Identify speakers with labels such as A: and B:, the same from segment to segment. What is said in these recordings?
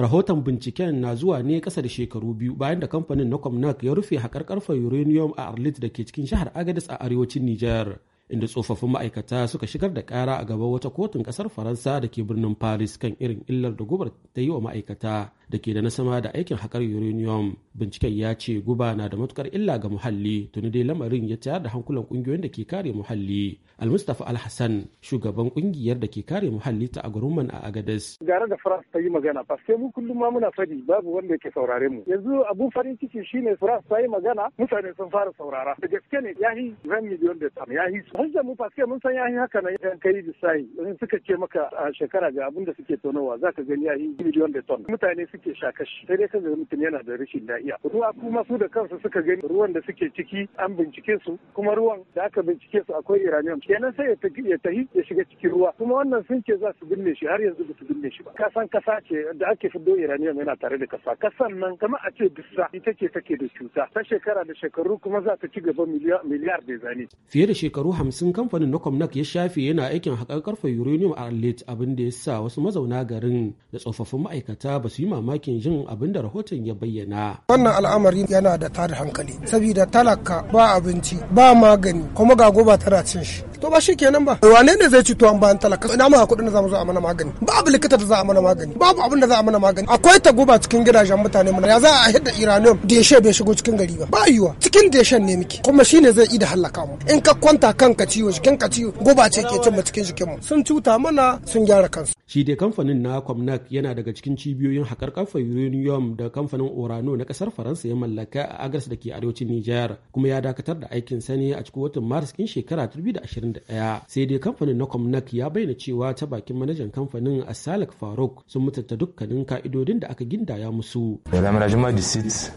A: rahoton binciken na zuwa ne kasa da shekaru biyu bayan da kamfanin na comnac ya rufe haƙar karfe uranium a arlit da ke cikin shahar agadis a arewacin niger inda tsofaffin ma'aikata suka shigar da ƙara a gaban wata kotun ƙasar faransa da ke birnin paris kan irin illar da gubar ta yi wa ma'aikata da ke da na sama da aikin haƙar uranium binciken ya ce guba na da matukar illa ga muhalli tuni dai lamarin ya tayar da hankulan kungiyoyin da ke kare muhalli almustafa alhassan shugaban kungiyar da ke kare muhalli ta agurman a agadas
B: gara da france ta yi magana ba sai mu kullum ma muna fadi babu wanda yake saurare mu yanzu abun farin ciki shine france ta yi magana mutane sun fara saurara da gaske ne yi 20 miliyon da tam yi su har da mu paske mun san yi haka na yan kai da sai suka ce maka a shekara ga abin da suke tonowa zaka gani yi miliyon da ton mutane su suke shaka shi sai dai ka ga mutum yana da rashin lafiya ruwa kuma su da kansu suka gani ruwan da suke ciki an bincike su kuma ruwan da aka bincike su akwai iranium kenan sai ya tahi ya shiga cikin ruwa kuma wannan sun ce za su binne shi har yanzu ba su binne shi ba kasan kasa ce da ake fiddo iranium yana tare da kasa kasan nan kamar a ce bisa. ita ce take da cuta ta shekara da shekaru kuma za ta ci gaba miliyar da zane
A: fiye da shekaru hamsin kamfanin nocomnac ya shafe yana aikin haƙar karfe uranium a abin da ya sa wasu mazauna garin da tsofaffin ma'aikata ba su yi mamaki mamakin jin abin da rahoton ya bayyana.
C: Wannan al'amari yana da tada hankali saboda talaka ba abinci ba magani kuma ga goba tana cin shi to ba shi kenan ba wane ne zai ci tuwon bayan talaka ina ma kudin da za mu zo a mana magani babu likita da za a mana magani babu abin da za a mana magani akwai taguba cikin gidajen mutane mana ya za a hidda iranium deshe bai shigo cikin gari ba ba yiwa cikin deshen ne muke kuma shine zai ida halaka mu in ka kwanta kanka ciwo jikin ka ciwo guba ce ke cin mu cikin jikin mu sun cuta mana sun gyara kansu
A: shi dai kamfanin na Comnac yana daga cikin cibiyoyin hakar kafa uranium da kamfanin Orano na kasar Faransa ya mallaka a Agars da ke arewacin Nijar kuma ya dakatar da aikin sani a cikin watan Maris kin shekara 2020 2021 sai dai kamfanin na comnac ya bayyana cewa ta bakin manajan kamfanin asalak faruk sun mutunta dukkanin ka'idodin da aka gindaya musu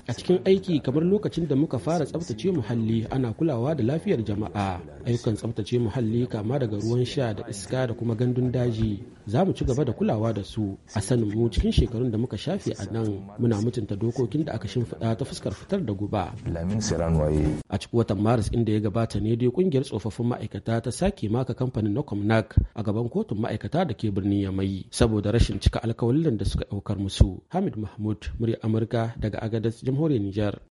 A: a cikin aiki kamar lokacin da muka fara tsabtace muhalli ana kulawa da lafiyar jama'a ayyukan tsabtace muhalli kama daga ruwan sha da iska da kuma gandun daji za mu ci gaba da kulawa da su a sanin mu cikin shekarun da muka shafe a nan muna mutunta dokokin da aka shimfiɗa ta fuskar fitar da guba. A cikin watan Maris inda ya gabata ne dai kungiyar tsofaffin ma'aikata ta sake maka kamfanin na a gaban kotun ma'aikata da ke birnin Yamai saboda rashin cika alkawalin da suka ɗaukar musu. Hamid Mahmud, murya Amurka daga Agadez, Jamhuriyar Nijar.